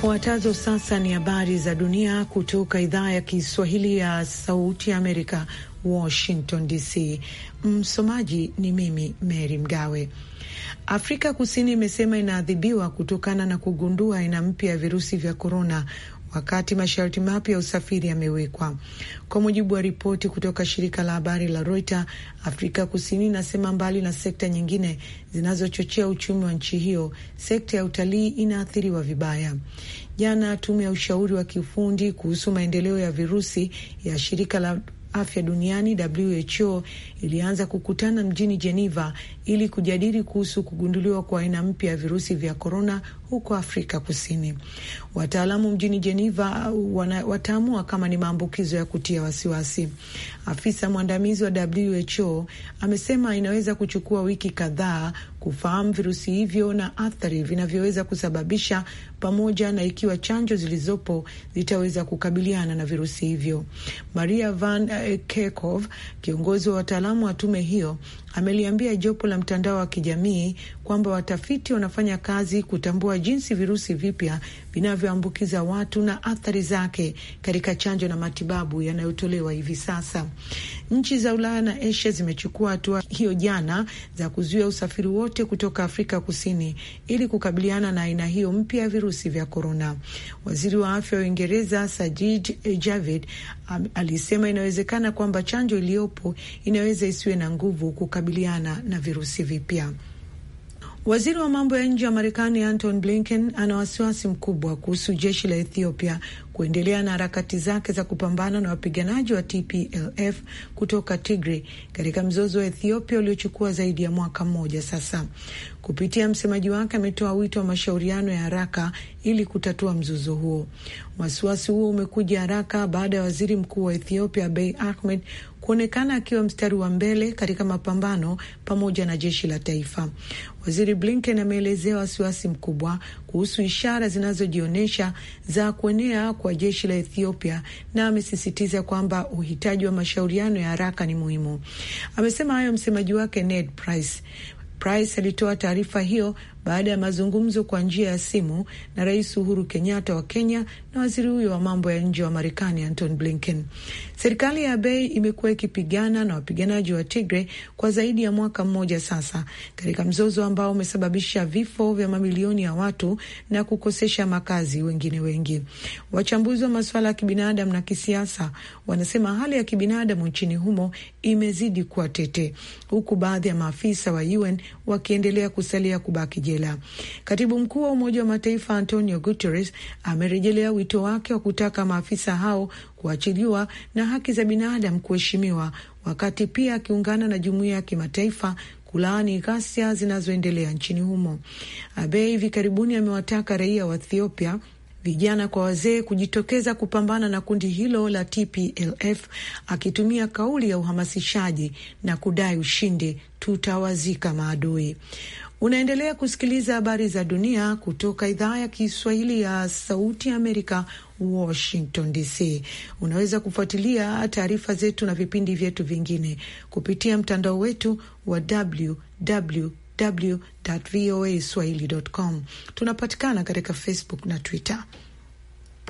Zifuatazo sasa ni habari za dunia kutoka idhaa ya Kiswahili ya Sauti ya Amerika, Washington DC. Msomaji ni mimi Mary Mgawe. Afrika Kusini imesema inaadhibiwa kutokana na kugundua aina mpya ya virusi vya korona wakati masharti mapya ya usafiri yamewekwa. Kwa mujibu wa ripoti kutoka shirika la habari la Reuters, Afrika Kusini inasema mbali na sekta nyingine zinazochochea uchumi wa nchi hiyo, sekta ya utalii inaathiriwa vibaya. Jana tume ya ushauri wa kiufundi kuhusu maendeleo ya virusi ya shirika la afya duniani WHO ilianza kukutana mjini Geneva ili kujadili kuhusu kugunduliwa kwa aina mpya ya virusi vya korona huko Afrika Kusini. Wataalamu mjini Geneva uh, wataamua kama ni maambukizo ya kutia wasiwasi. Afisa mwandamizi wa WHO amesema inaweza kuchukua wiki kadhaa kufahamu virusi hivyo na athari vinavyoweza kusababisha, pamoja na ikiwa chanjo zilizopo zitaweza kukabiliana na virusi hivyo. Maria Van Kerkhove, kiongozi wa wataalamu wa tume hiyo, ameliambia jopo la mtandao wa kijamii kwamba watafiti wanafanya kazi kutambua jinsi virusi vipya vinavyoambukiza watu na athari zake katika chanjo na matibabu yanayotolewa hivi sasa. Nchi za Ulaya na Asia zimechukua hatua hiyo jana za kuzuia usafiri wote kutoka Afrika Kusini ili kukabiliana na aina hiyo mpya ya virusi vya korona. Waziri wa afya wa Uingereza Sajid Javid alisema inawezekana kwamba chanjo iliyopo inaweza isiwe na nguvu kuka kukabiliana na virusi vipya. Waziri wa mambo ya nje wa Marekani Anton Blinken ana wasiwasi mkubwa kuhusu jeshi la Ethiopia kuendelea na harakati zake za kupambana na wapiganaji wa TPLF kutoka Tigray katika mzozo wa Ethiopia uliochukua zaidi ya mwaka mmoja sasa. Kupitia msemaji wake, ametoa wito wa mashauriano ya haraka ili kutatua mzozo huo. Wasiwasi huo umekuja haraka baada ya waziri mkuu wa Ethiopia Abiy Ahmed kuonekana akiwa mstari wa mbele katika mapambano pamoja na jeshi la taifa. Waziri Blinken ameelezea wasiwasi mkubwa kuhusu ishara zinazojionyesha za kuenea kwa jeshi la Ethiopia na amesisitiza kwamba uhitaji wa mashauriano ya haraka ni muhimu. Amesema hayo msemaji wake Ned Price. Price alitoa taarifa hiyo baada ya mazungumzo kwa njia ya simu na Rais Uhuru Kenyatta wa Kenya na waziri huyo wa mambo ya nje wa Marekani Anton Blinken. Serikali ya Abiy imekuwa ikipigana na wapiganaji wa Tigray kwa zaidi ya mwaka mmoja sasa, katika mzozo ambao umesababisha vifo vya mamilioni ya watu na kukosesha makazi wengine wengi. Wachambuzi wa masuala ya kibinadamu na kisiasa wanasema hali ya kibinadamu nchini humo imezidi kuwa tete, huku baadhi ya maafisa wa UN wakiendelea kusalia kubaki jela. Katibu mkuu wa Umoja wa Mataifa Antonio Guterres amerejelea wito wake wa kutaka maafisa hao kuachiliwa na haki za binadamu kuheshimiwa, wakati pia akiungana na jumuiya ya kimataifa kulaani ghasia zinazoendelea nchini humo. Abe hivi karibuni amewataka raia wa Ethiopia vijana kwa wazee kujitokeza kupambana na kundi hilo la TPLF akitumia kauli ya uhamasishaji na kudai ushindi, tutawazika maadui. Unaendelea kusikiliza habari za dunia kutoka idhaa ya Kiswahili ya Sauti ya Amerika, Washington DC. Unaweza kufuatilia taarifa zetu na vipindi vyetu vingine kupitia mtandao wetu wa www voa Tunapatikana katika Facebook na Twitter.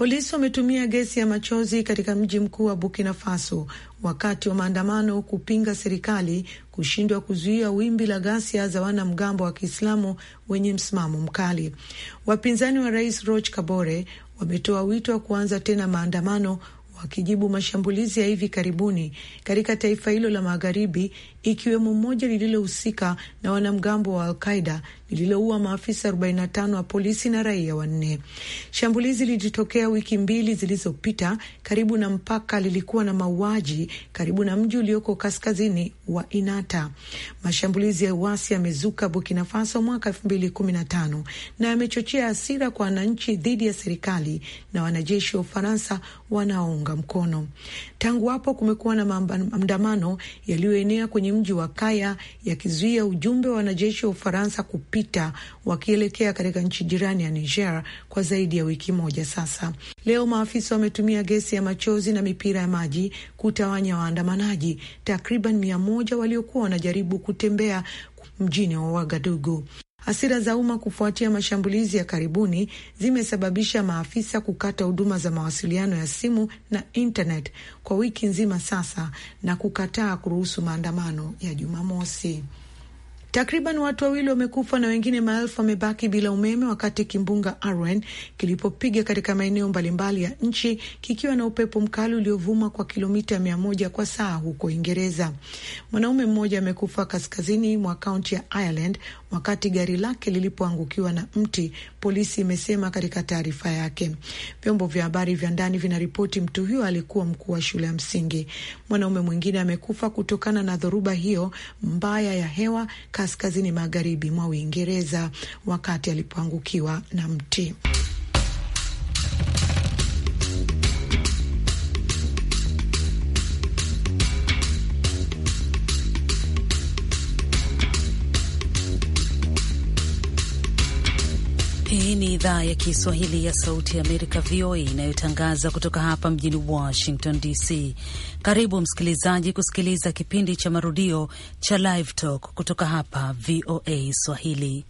Polisi wametumia gesi ya machozi katika mji mkuu wa Burkina Faso wakati wa maandamano kupinga serikali kushindwa kuzuia wimbi la ghasia za wanamgambo wa Kiislamu wenye msimamo mkali. Wapinzani wa rais Roch Kabore wametoa wito wa kuanza tena maandamano wakijibu mashambulizi ya hivi karibuni katika taifa hilo la magharibi ikiwemo moja lililohusika na wanamgambo wa Alqaida lililoua maafisa 45 wa polisi na raia wanne. Shambulizi lilitokea wiki mbili zilizopita karibu na mpaka, lilikuwa na mauaji karibu na mji ulioko kaskazini wa Inata. Mashambulizi ya uasi yamezuka Burkina Faso mwaka 2015 na yamechochea hasira kwa wananchi dhidi ya serikali na wanajeshi wa Ufaransa wanaounga mkono. Tangu hapo kumekuwa na maandamano yaliyoenea kwenye kwenye mji wa Kaya yakizuia ujumbe wa wanajeshi wa Ufaransa kupita wakielekea katika nchi jirani ya Niger kwa zaidi ya wiki moja sasa. Leo maafisa wametumia gesi ya machozi na mipira ya maji kutawanya waandamanaji takriban mia moja waliokuwa wanajaribu kutembea mjini wa Wagadugu. Hasira za umma kufuatia mashambulizi ya karibuni zimesababisha maafisa kukata huduma za mawasiliano ya simu na intnet kwa wiki nzima sasa na kukataa kuruhusu maandamano ya Jumamosi. Takriban watu wawili wamekufa na wengine maelfu wamebaki bila umeme wakati kimbunga Arwen kilipopiga katika maeneo mbalimbali ya nchi kikiwa na upepo mkali uliovuma kwa kilomita mia moja kwa saa huko Uingereza. Mwanaume mmoja amekufa kaskazini mwa kaunti ya Ireland wakati gari lake lilipoangukiwa na mti, polisi imesema katika taarifa yake. Vyombo vya habari vya ndani vinaripoti mtu huyo alikuwa mkuu wa shule ya msingi. Mwanaume mwingine amekufa kutokana na dhoruba hiyo mbaya ya hewa kaskazini magharibi mwa Uingereza wakati alipoangukiwa na mti. Hii ni idhaa ya Kiswahili ya Sauti ya Amerika, VOA, inayotangaza kutoka hapa mjini Washington DC. Karibu msikilizaji kusikiliza kipindi cha marudio cha Live Talk kutoka hapa VOA Swahili.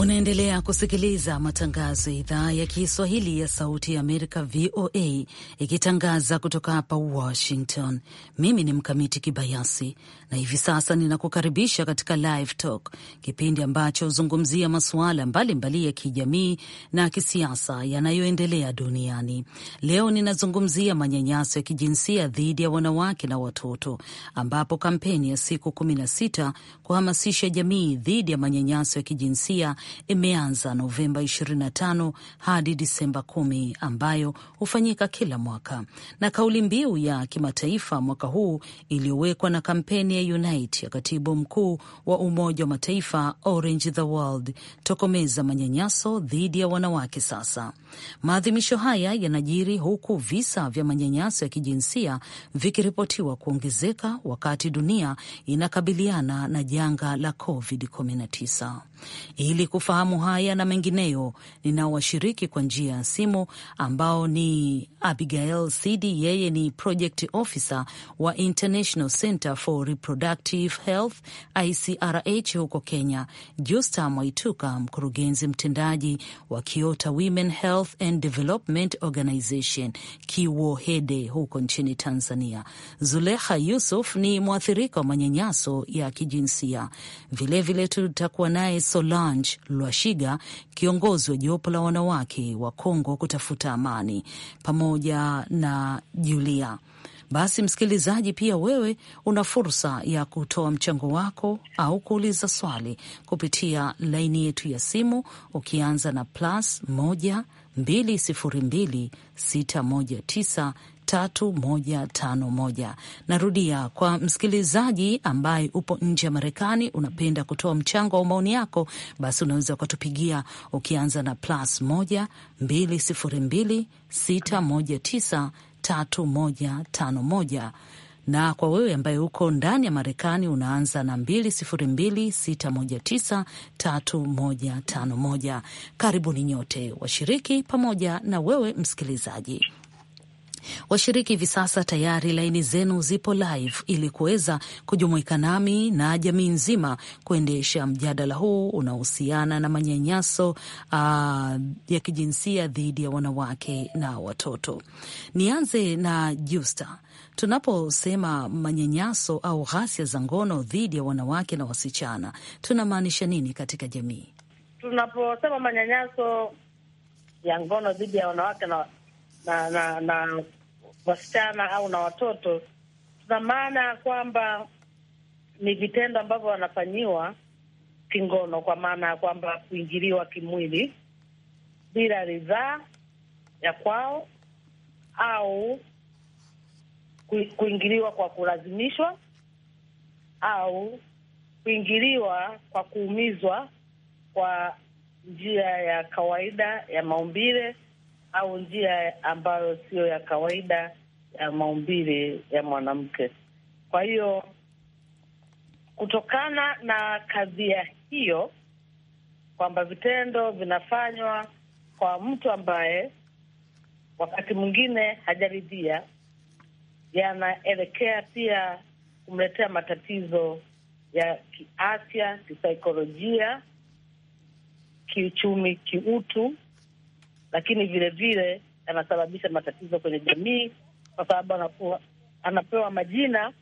Unaendelea kusikiliza matangazo ya idhaa ya Kiswahili ya Sauti ya Amerika, VOA, ikitangaza kutoka hapa Washington. Mimi ni Mkamiti Kibayasi na hivi sasa ninakukaribisha katika Live Talk, kipindi ambacho huzungumzia masuala mbalimbali ya kijamii na kisiasa yanayoendelea duniani. Leo ninazungumzia manyanyaso ya kijinsia dhidi ya wanawake na watoto, ambapo kampeni ya siku 16 kuhamasisha jamii dhidi ya manyanyaso ya kijinsia imeanza Novemba 25 hadi Disemba 10 ambayo hufanyika kila mwaka, na kauli mbiu ya kimataifa mwaka huu iliyowekwa na kampeni ya Unite ya katibu mkuu wa Umoja wa Mataifa Orange the World, tokomeza manyanyaso dhidi ya wanawake. Sasa maadhimisho haya yanajiri huku visa vya manyanyaso ya kijinsia vikiripotiwa kuongezeka wakati dunia inakabiliana na janga la COVID-19 ili Kufahamu haya na mengineyo, ninaowashiriki kwa njia ya simu ambao ni Abigail Sidi, yeye ni project officer wa International Center for Reproductive Health ICRH huko Kenya, Justa Mwaituka, mkurugenzi mtendaji wa Kiota Women Health and Development Organization Kiwohede huko nchini Tanzania. zuleha Yusuf ni mwathirika wa manyanyaso ya kijinsia vilevile, tutakuwa naye Solange Lwashiga, kiongozi wa jopo la wanawake wa Kongo kutafuta amani, pamoja na Julia. Basi msikilizaji, pia wewe una fursa ya kutoa mchango wako au kuuliza swali kupitia laini yetu ya simu ukianza na plus moja 202619 Narudia kwa msikilizaji ambaye upo nje ya Marekani, unapenda kutoa mchango wa maoni yako, basi unaweza ukatupigia ukianza na plus 1 202 na kwa wewe ambaye uko ndani ya Marekani unaanza na 2026193151. Karibuni nyote washiriki, pamoja na wewe msikilizaji. Washiriki hivi sasa tayari laini zenu zipo live ili kuweza kujumuika nami na jamii nzima kuendesha mjadala huu unaohusiana na manyanyaso uh, ya kijinsia dhidi ya wanawake na watoto. Nianze na Justa Tunaposema manyanyaso au ghasia za ngono dhidi ya wanawake na wasichana, tunamaanisha nini katika jamii? Tunaposema manyanyaso ya ngono dhidi ya wanawake na, na, na, na wasichana au na watoto, tuna maana ya kwamba ni vitendo ambavyo wanafanyiwa kingono, kwa maana ya kwamba kuingiliwa kimwili bila ridhaa ya kwao au kuingiliwa kwa kulazimishwa au kuingiliwa kwa kuumizwa kwa njia ya kawaida ya maumbile au njia ambayo siyo ya kawaida ya maumbile ya mwanamke. Kwa hiyo kutokana na kadhia hiyo kwamba vitendo vinafanywa kwa mtu ambaye wakati mwingine hajaridhia yanaelekea pia kumletea matatizo ya kiafya, kisaikolojia, kiuchumi, kiutu, lakini vilevile yanasababisha matatizo kwenye jamii, kwa sababu anakuwa anapewa majina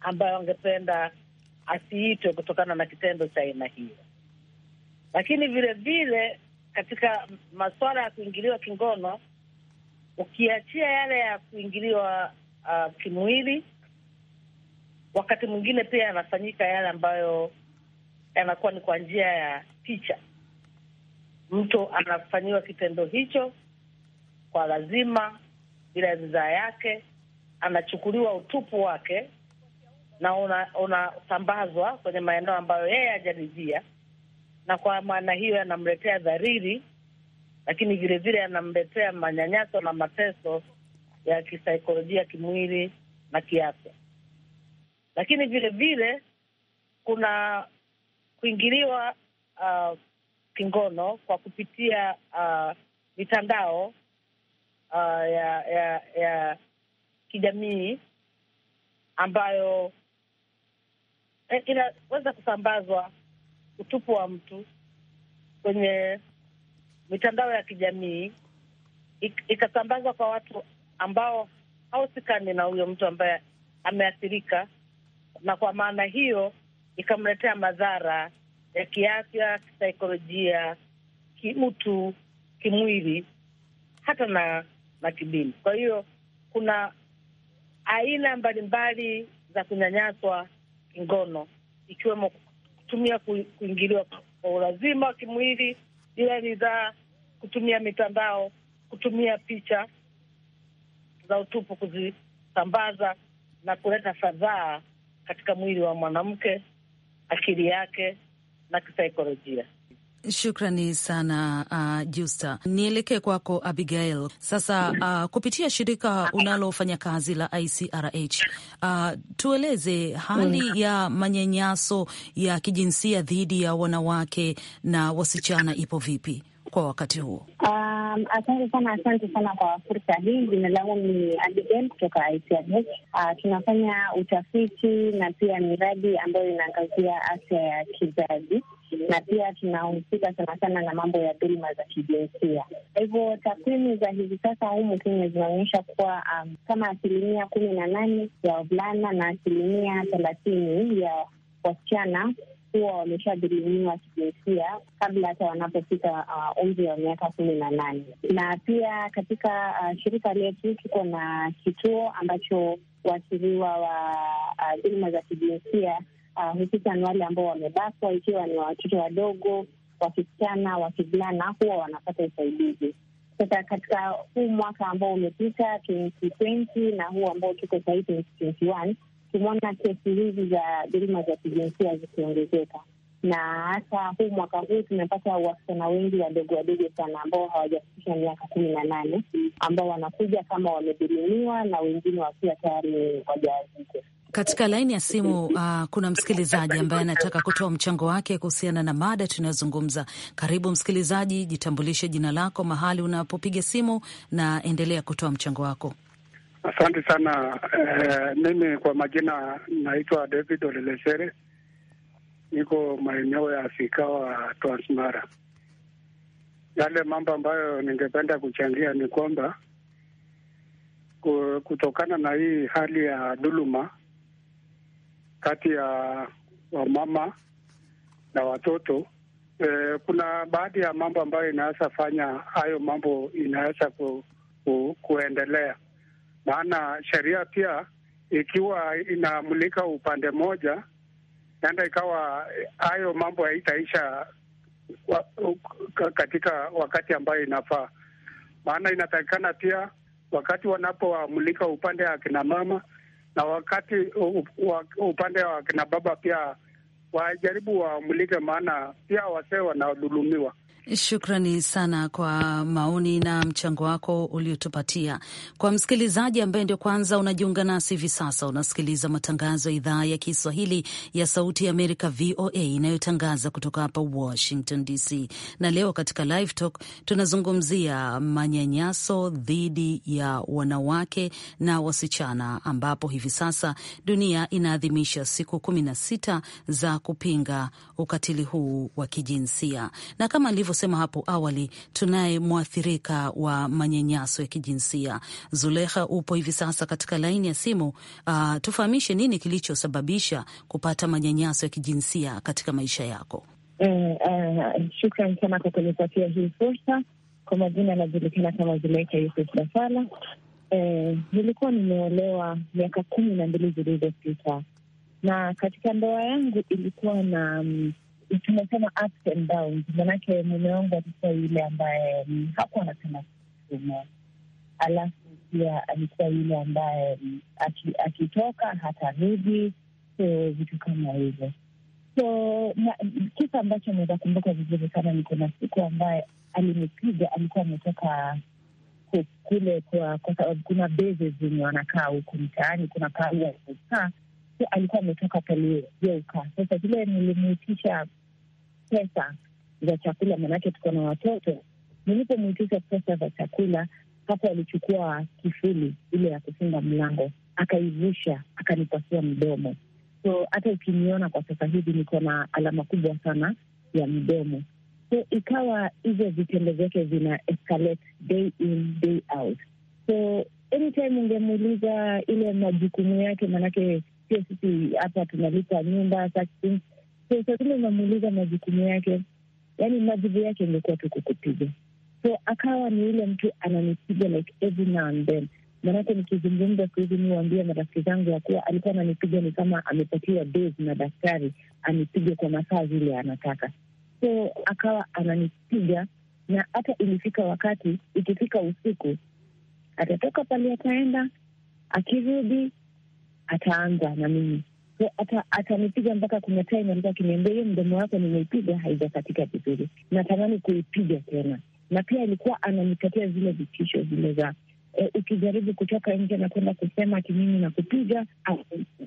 ambayo angependa asiitwe kutokana na kitendo cha aina hiyo. Lakini vilevile katika masuala ya kuingiliwa kingono, ukiachia yale ya kuingiliwa uh, kimwili. Wakati mwingine pia yanafanyika yale ambayo yanakuwa ni kwa njia ya picha. Mtu anafanyiwa kitendo hicho kwa lazima, bila ridhaa yake, anachukuliwa utupu wake na unasambazwa una kwenye maeneo ambayo yeye hajaridhia, na kwa maana hiyo yanamletea dhariri, lakini vilevile yanamletea manyanyaso na mateso ya kisaikolojia, kimwili na kiafya. Lakini vile vile kuna kuingiliwa uh, kingono kwa kupitia uh, mitandao uh, ya, ya, ya kijamii ambayo eh, inaweza kusambazwa utupu wa mtu kwenye mitandao ya kijamii ikasambazwa kwa watu ambao hausikani na huyo mtu ambaye ameathirika, na kwa maana hiyo ikamletea madhara ya kiafya, kisaikolojia, kiutu, kimwili, hata na na kidini. Kwa hiyo kuna aina mbalimbali za kunyanyaswa kingono, ikiwemo kutumia kuingiliwa kwa ulazima wa kimwili bila ridhaa, kutumia mitandao, kutumia picha za utupu kuzisambaza na kuleta fadhaa katika mwili wa mwanamke, akili yake na kisaikolojia. Shukrani sana uh, Justa, nielekee kwako Abigail sasa. Uh, kupitia shirika unalofanya kazi la ICRH, uh, tueleze hali mm. ya manyanyaso ya kijinsia dhidi ya wanawake na wasichana ipo vipi? kwa wakati huo? Um, asante sana, asante sana kwa fursa hii. Jina langu ni Abigail kutoka ICRH. Uh, tunafanya utafiti na pia miradi ambayo inaangazia afya ya kizazi na pia tunahusika sana sana na mambo ya dhuluma za kijinsia. Kwa hivyo takwimu za hivi sasa humu Kenya zinaonyesha kuwa um, kama asilimia kumi na nane ya wavulana na asilimia thelathini ya wasichana huwa wameshadhulumiwa kijinsia kabla hata wanapofika uh, umri uh, wa miaka kumi na nane. Na pia katika uh, shirika letu tuko na kituo ambacho waathiriwa wa uh, dhuluma uh, za kijinsia uh, hususan wale ambao wamebakwa, ikiwa ni watoto wadogo, wakisichana, wakivulana, huwa wanapata usaidizi. Sasa katika huu mwaka ambao umepita 2020 na huu ambao tuko sahii 2021 tumeona kesi hizi za dhuluma za kijinsia zikiongezeka, na hata huu mwaka huu tumepata wasichana wengi wadogo wadogo sana ambao hawajafikisha miaka kumi na nane ambao wanakuja kama wamedhulumiwa na wengine wakiwa tayari wajawazito. Katika laini ya simu uh, kuna msikilizaji ambaye anataka kutoa mchango wake kuhusiana na mada tunayozungumza. Karibu msikilizaji, jitambulishe jina lako, mahali unapopiga simu na endelea kutoa mchango wako. Asante sana. Eh, mimi kwa majina naitwa David Olelesere, niko maeneo ya Sikawa, Transmara. Yale mambo ambayo ningependa kuchangia ni kwamba kutokana na hii hali ya dhuluma kati ya wamama na watoto eh, kuna baadhi ya mambo ambayo inaweza fanya hayo mambo inaweza ku, ku, kuendelea maana sheria pia ikiwa inamulika upande mmoja, naenda ikawa hayo mambo haitaisha katika wakati ambayo inafaa. Maana inatakikana pia wakati wanapowamulika upande wa akina mama na wakati upande wa akina baba pia wajaribu wamulike, maana pia wasee wanadhulumiwa. Shukrani sana kwa maoni na mchango wako uliotupatia. Kwa msikilizaji ambaye ndio kwanza unajiunga nasi hivi sasa, unasikiliza matangazo ya idhaa ya Kiswahili ya Sauti ya Amerika, VOA, inayotangaza kutoka hapa Washington DC. Na leo katika Live Talk tunazungumzia manyanyaso dhidi ya wanawake na wasichana, ambapo hivi sasa dunia inaadhimisha siku kumi na sita za kupinga ukatili huu wa kijinsia na kama alivyo nilivyosema hapo awali, tunaye mwathirika wa manyanyaso ya kijinsia. Zulekha, upo hivi sasa katika laini ya simu. Uh, tufahamishe nini kilichosababisha kupata manyanyaso ya kijinsia katika maisha yako? Eh, eh, shukran sana kwa kunipatia hii fursa. Kwa majina anajulikana kama Zulekha Yusuf Basala. Eh, nilikuwa nimeolewa miaka kumi na mbili zilizopita, na katika ndoa yangu ilikuwa na um, tunasema ups and downs, manake mume wangu alikuwa yule ambaye mm, hakuwa anapenda kusoma, alafu pia alikuwa yule ambaye mm, akitoka hatarudi, so vitu kama hivyo. So kisa ambacho naweza kumbuka vizuri sana ni kuna siku ambaye alinipiga, alikuwa ametoka kule kwa, kwa sababu kuna bezi zenye wanakaa huku mtaani, kuna pahali wanakaa alikuwa ametoka kalieuka. Sasa vile nilimwitisha pesa za chakula, maanake tuko na watoto, nilipomwitisha pesa za chakula, hapo alichukua kifuli ile ya kufunga mlango, akaivusha, akanipasia mdomo. So hata ukiniona kwa sasa hivi niko na alama kubwa sana ya mdomo. So ikawa hivyo vitendo vyake vina escalate day in day out. So anytime ungemuuliza ile majukumu yake, maanake sio sisi hapa tunalipa nyumba. So sazima unamuuliza majukumu yake, yani majibu yake ingekuwa tu kukupiga. So akawa ni yule mtu ananipiga like every now and then. Maanake nikizungumza siku hizi mi marafiki zangu ya kuwa alikuwa ananipiga ni kama amepatiwa dozi na daktari, anipige kwa masaa zile anataka. So akawa ananipiga, na hata ilifika wakati, ikifika usiku atatoka pale, ataenda akirudi ataanza na mimi so, atanipiga ata mpaka kuna time alikuwa akiniambia hiyo mdomo wako nimeipiga haijakatika vizuri, natamani kuipiga tena. Na pia alikuwa ananipatia zile vitisho zile za E, ukijaribu kutoka nje na kwenda kusema ati mimi nakupiga,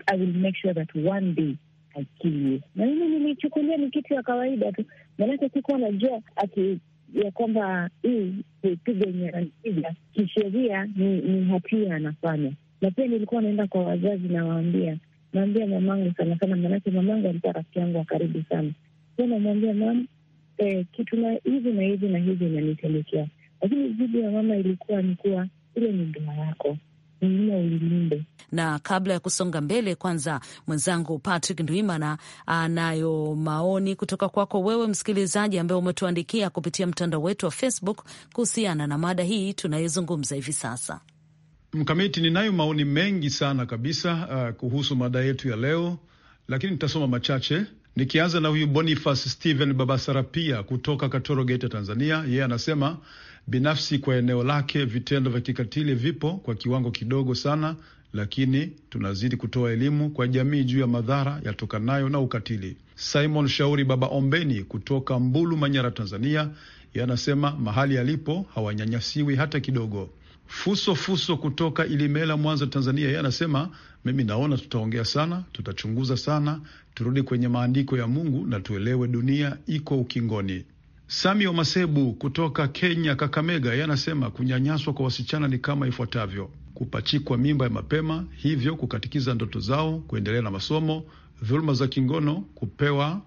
I will make sure that one day I kill you. Na mimi nilichukulia ni kitu ya kawaida tu, maanake sikuwa najua ati ya kwamba hii kuipiga enye ananipiga kisheria ni, ni hatia anafanya na pia nilikuwa naenda kwa wazazi, nawaambia naambia mamangu sana sana, manake mamangu alikuwa rafiki yangu wa karibu sana. Sa namwambia mam, eh, kitu na hivi na hivi na hivi inanitelekea, lakini jibu ya mama ilikuwa ni kuwa ile ni ndoa yako Na kabla ya kusonga mbele, kwanza mwenzangu Patrick Ndwimana anayo maoni kutoka kwako wewe msikilizaji, ambaye umetuandikia kupitia mtandao wetu wa Facebook kuhusiana na mada hii tunayozungumza hivi sasa. Mkamiti, ninayo maoni mengi sana kabisa uh, kuhusu mada yetu ya leo, lakini nitasoma machache nikianza na huyu Boniface Stephen Babasarapia kutoka Katoro, Geita, Tanzania. Yeye yeah, anasema binafsi kwa eneo lake vitendo vya kikatili vipo kwa kiwango kidogo sana, lakini tunazidi kutoa elimu kwa jamii juu ya madhara yatokanayo na ukatili. Simon Shauri Baba Ombeni kutoka Mbulu, Manyara, Tanzania, yeye yeah, anasema mahali alipo hawanyanyasiwi hata kidogo. Fuso Fuso kutoka Ilimela, Mwanza, Tanzania, yeye anasema mimi naona tutaongea sana, tutachunguza sana, turudi kwenye maandiko ya Mungu na tuelewe dunia iko ukingoni. Samio Masebu kutoka Kenya, Kakamega, yeye anasema kunyanyaswa kwa wasichana ni kama ifuatavyo: kupachikwa mimba ya mapema, hivyo kukatikiza ndoto zao kuendelea na masomo, dhuluma za kingono, kupewa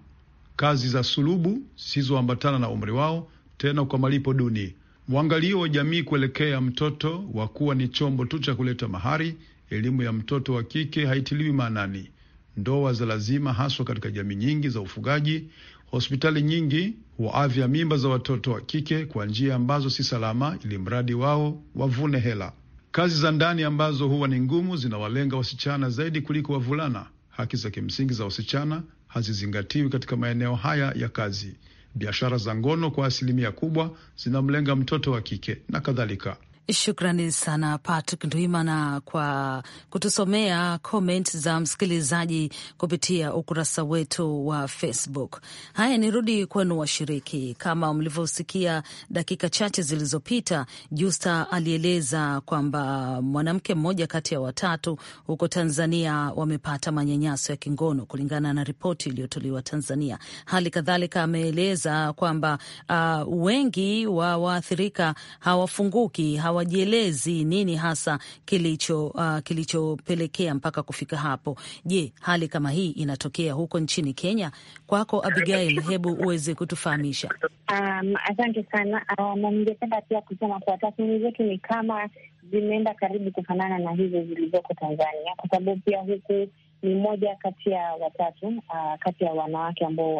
kazi za sulubu zisizoambatana na umri wao, tena kwa malipo duni. Mwangalio wa jamii kuelekea mtoto wa kuwa ni chombo tu cha kuleta mahari, elimu ya mtoto wa kike haitiliwi maanani. Ndoa za lazima, haswa katika jamii nyingi za ufugaji. Hospitali nyingi huwaavya mimba za watoto wa kike kwa njia ambazo si salama, ili mradi wao wavune hela. Kazi za ndani ambazo huwa ni ngumu zinawalenga wasichana zaidi kuliko wavulana. Haki za kimsingi za wasichana hazizingatiwi katika maeneo haya ya kazi biashara za ngono kwa asilimia kubwa zinamlenga mtoto wa kike na kadhalika. Shukrani sana Patrick Ndwimana kwa kutusomea comment za msikilizaji kupitia ukurasa wetu wa Facebook. Haya, nirudi kwenu washiriki. Kama mlivyosikia dakika chache zilizopita, Justa alieleza kwamba mwanamke mmoja kati ya watatu huko Tanzania wamepata manyanyaso ya kingono kulingana na ripoti iliyotolewa Tanzania. Hali kadhalika ameeleza kwamba uh, wengi wa waathirika hawafunguki hawa hawajielezi nini hasa kilicho uh, kilichopelekea mpaka kufika hapo. Je, hali kama hii inatokea huko nchini Kenya? Kwako Abigail, hebu uweze kutufahamisha. Um, asante sana um, na ningependa pia kusema kuwa tathmini zetu ni kama zimeenda karibu kufanana na hizo zilizoko Tanzania, kwa sababu pia huku ni mmoja kati ya watatu uh, kati ya wanawake ambao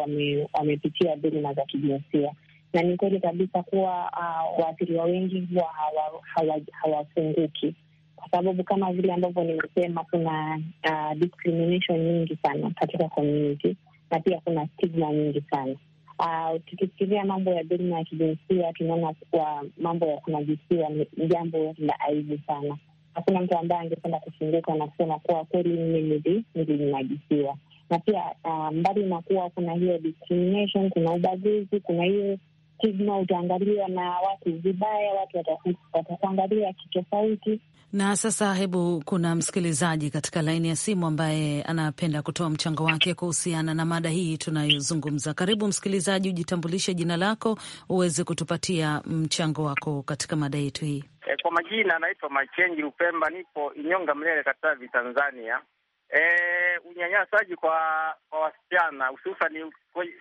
wamepitia wame dhuluma za kijinsia na ni kweli kabisa kuwa uh, waathiriwa wengi huwa hawafunguki kwa sababu kama vile ambavyo nimesema, kuna uh, discrimination nyingi sana katika community na pia kuna stigma nyingi sana uh, tukifikiria mambo ya dhuluma ya kijinsia, tunaona kuwa mambo ya kunajisiwa ni jambo la aibu sana. Hakuna mtu ambaye angependa kufunguka na kusema kuwa kweli mimi nilinajisiwa. Na pia uh, mbali na kuwa kuna hiyo discrimination, kuna ubaguzi, kuna hiyo stigma, utaangalia na watu vibaya, watu watakuangalia kitofauti. Na sasa, hebu kuna msikilizaji katika laini ya simu ambaye anapenda kutoa mchango wake kuhusiana na mada hii tunayozungumza. Karibu msikilizaji, ujitambulishe jina lako uweze kutupatia mchango wako katika mada yetu hii. E, kwa majina anaitwa Machenji Upemba, nipo Inyonga, Mlele, Katavi, Tanzania. E, unyanyasaji kwa kwa wasichana hususan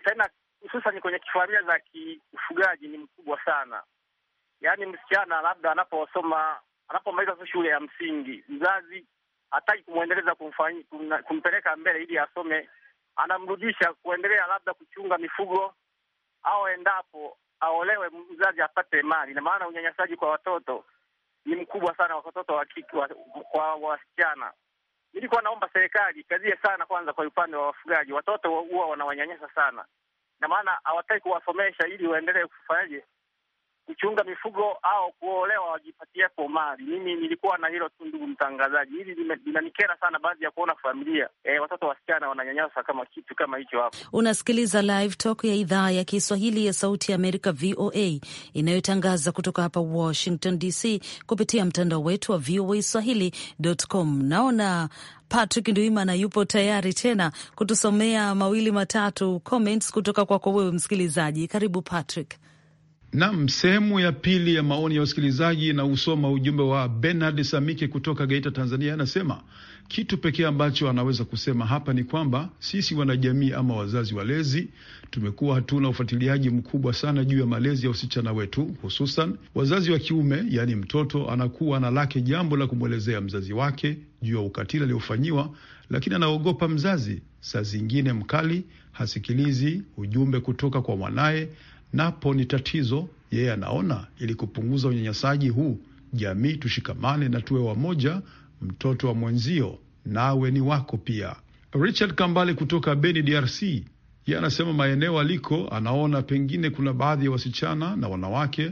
tena hususan kwenye kifamilia za kiufugaji ni mkubwa sana. Yaani msichana labda anaposoma anapomaliza tu shule ya msingi, mzazi hataki kumwendeleza kumpeleka mbele ili asome, anamrudisha kuendelea labda kuchunga mifugo au endapo aolewe mzazi apate mali. Na maana unyanyasaji kwa watoto ni mkubwa sana, watoto wa kike kwa wasichana. Nilikuwa naomba serikali kazie sana kwanza, kwa upande wa wafugaji, watoto huwa wanawanyanyasa sana na maana hawataki kuwasomesha ili waendelee kufanyaje kuchunga mifugo au kuolewa wajipatie mali. Mimi nilikuwa na hilo tu, ndugu mtangazaji, hili linanikera sana, baadhi ya kuona familia e, watoto wasichana wananyanyasa kama kitu kama hicho. Hapo unasikiliza Live Talk ya idhaa ya Kiswahili ya Sauti ya Amerika, VOA, inayotangaza kutoka hapa Washington DC kupitia mtandao wetu wa VOA Swahili.com. Naona Patrick nduimana yupo tayari tena kutusomea mawili matatu comments kutoka kwako wewe msikilizaji. Karibu Patrick. Nam, sehemu ya pili ya maoni ya wasikilizaji na usoma ujumbe wa Bernard Samike kutoka Geita, Tanzania. Anasema kitu pekee ambacho anaweza kusema hapa ni kwamba sisi wanajamii ama wazazi walezi tumekuwa hatuna ufuatiliaji mkubwa sana juu ya malezi ya wasichana wetu, hususan wazazi wa kiume. Yaani mtoto anakuwa na lake jambo la kumwelezea mzazi wake juu ya ukatili aliofanyiwa, lakini anaogopa mzazi, saa zingine mkali, hasikilizi ujumbe kutoka kwa mwanaye, napo ni tatizo. Yeye anaona ili kupunguza unyanyasaji huu, jamii tushikamane na tuwe wamoja mtoto wa mwenzio, nawe ni wako pia. Richard Kambale kutoka Beni, DRC, yeye anasema maeneo aliko anaona pengine kuna baadhi ya wasichana na wanawake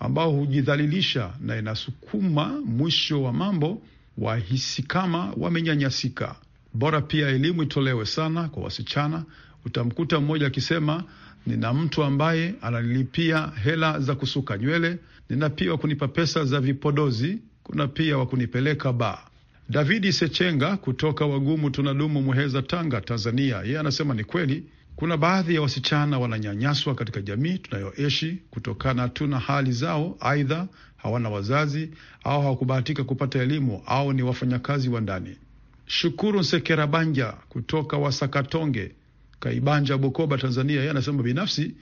ambao hujidhalilisha na inasukuma mwisho wa mambo wahisi kama wamenyanyasika. Bora pia elimu itolewe sana kwa wasichana. Utamkuta mmoja akisema nina mtu ambaye ananilipia hela za kusuka nywele, nina pia kunipa pesa za vipodozi, kuna pia wa kunipeleka ba. Davidi Sechenga kutoka Wagumu Tunadumu, Muheza, Tanga, Tanzania, yeye anasema ni kweli kuna baadhi ya wasichana wananyanyaswa katika jamii tunayoishi kutokana tu na hali zao, aidha hawana wazazi au hawakubahatika kupata elimu au ni wafanyakazi wa ndani. Shukuru Nsekerabanja kutoka Wasakatonge, Kaibanja, Bukoba, Tanzania, yeye anasema binafsi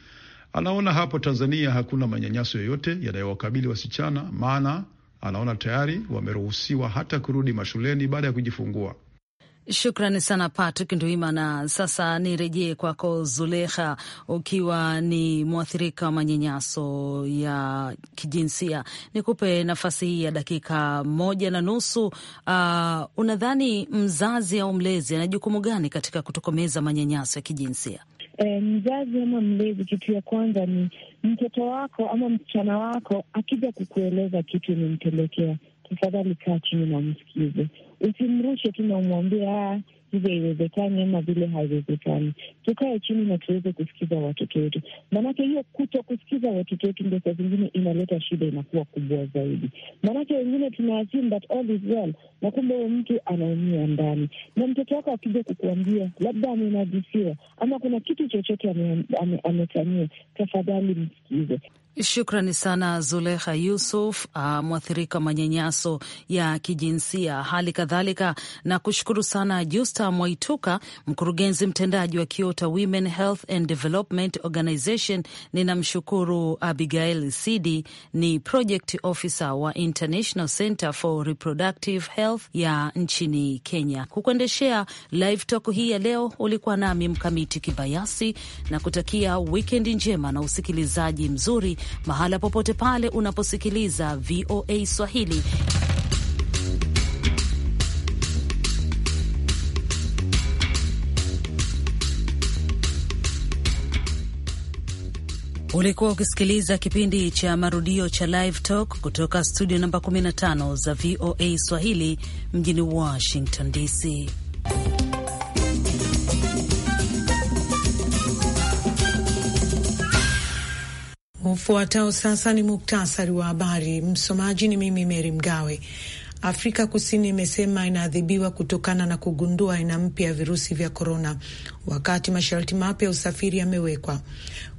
anaona hapo Tanzania hakuna manyanyaso yoyote yanayowakabili wasichana, maana anaona tayari wameruhusiwa hata kurudi mashuleni baada ya kujifungua. Shukrani sana Patrick Nduimana. Sasa nirejee kwako Zulekha, ukiwa ni mwathirika wa manyanyaso ya kijinsia, nikupe nafasi hii ya dakika moja na nusu. Uh, unadhani mzazi au mlezi ana jukumu gani katika kutokomeza manyanyaso ya kijinsia? e, mzazi ama mlezi, kitu ya kwanza ni mtoto wako ama msichana wako akija kukueleza kitu imemtelekea, tafadhali kaa chini na msikize, usimrushe tu na umwambie ah, hizo haiwezekani ama vile haiwezekani, tukae chini na tuweze kusikiza watoto wetu, maanake hiyo kuto kusikiza watoto wetu ndo saa zingine inaleta shida, inakuwa kubwa zaidi, maanake wengine tuna assume that all is well, na kumbe huyo mtu anaumia ndani. Na mtoto wako akija kukuambia labda amenajisiwa ama kuna kitu chochote amefanyiwa, tafadhali msikize. Shukrani sana zuleha Yusuf, uh, mwathirika manyanyaso ya kijinsia hali kadhalika, na kushukuru sana Justa Mwaituka, mkurugenzi mtendaji wa Kiota Women Health and Development Organization. Ninamshukuru Abigail Sidi, ni project officer wa International Center for Reproductive Health ya nchini Kenya. Kukuendeshea live talk hii ya leo ulikuwa nami Mkamiti Kibayasi, na kutakia wikendi njema na usikilizaji mzuri mahala popote pale unaposikiliza VOA Swahili. Ulikuwa ukisikiliza kipindi cha marudio cha Live Talk kutoka studio namba 15 za VOA Swahili mjini Washington DC. Ufuatao sasa ni muktasari wa habari. Msomaji ni mimi Meri Mgawe. Afrika Kusini imesema inaadhibiwa kutokana na kugundua aina mpya ya virusi vya korona wakati masharti mapya ya usafiri yamewekwa.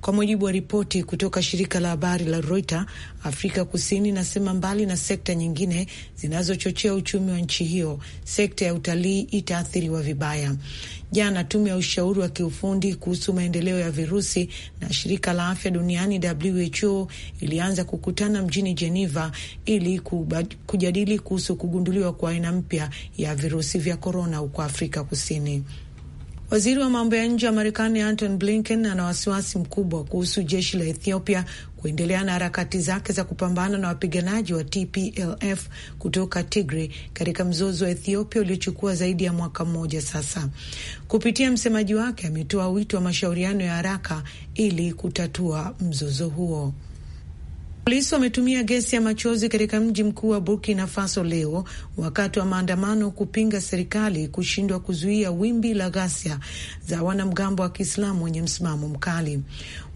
Kwa mujibu wa ripoti kutoka shirika la habari la Reuters, Afrika Kusini inasema mbali na sekta nyingine zinazochochea uchumi wa nchi hiyo, sekta ya utalii itaathiriwa vibaya. Jana tume ya ushauri wa kiufundi kuhusu maendeleo ya virusi na shirika la afya duniani WHO ilianza kukutana mjini Geneva ili kujadili kuhusu kugunduliwa kwa aina mpya ya virusi vya korona huko Afrika Kusini. Waziri wa mambo ya nje wa Marekani Anton Blinken ana wasiwasi mkubwa kuhusu jeshi la Ethiopia kuendelea na harakati zake za kupambana na wapiganaji wa TPLF kutoka Tigre katika mzozo wa Ethiopia uliochukua zaidi ya mwaka mmoja sasa. Kupitia msemaji wake, ametoa wito wa mashauriano ya haraka ili kutatua mzozo huo. Polisi wametumia gesi ya machozi katika mji mkuu wa Burkina Faso leo wakati wa maandamano kupinga serikali kushindwa kuzuia wimbi la ghasia za wanamgambo wa Kiislamu wenye msimamo mkali.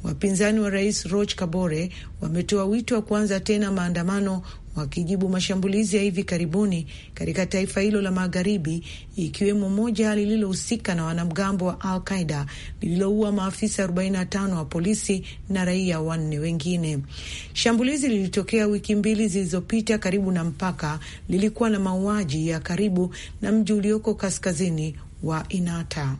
Wapinzani wa rais Roch Kabore wametoa wito wa kuanza tena maandamano wakijibu mashambulizi ya hivi karibuni katika taifa hilo la magharibi, ikiwemo moja lililohusika na wanamgambo wa Al Qaida lililoua maafisa 45 wa polisi na raia wanne wengine. Shambulizi lilitokea wiki mbili zilizopita karibu na mpaka, lilikuwa na mauaji ya karibu na mji ulioko kaskazini wa Inata.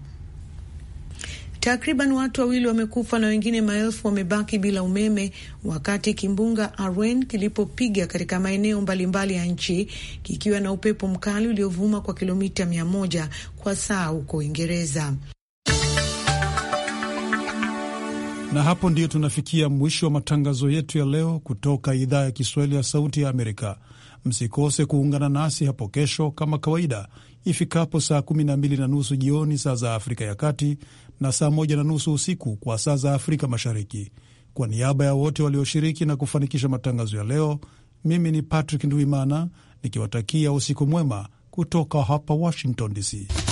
Takriban watu wawili wamekufa na wengine maelfu wamebaki bila umeme wakati kimbunga Arwen kilipopiga katika maeneo mbalimbali ya nchi kikiwa na upepo mkali uliovuma kwa kilomita mia moja kwa saa huko Uingereza. Na hapo ndiyo tunafikia mwisho wa matangazo yetu ya leo kutoka idhaa ya Kiswahili ya Sauti ya Amerika. Msikose kuungana nasi hapo kesho kama kawaida ifikapo saa kumi na mbili na nusu jioni saa za Afrika ya Kati na saa moja na nusu usiku kwa saa za Afrika Mashariki. Kwa niaba ya wote walioshiriki na kufanikisha matangazo ya leo, mimi ni Patrick Ndwimana nikiwatakia usiku mwema kutoka hapa Washington DC.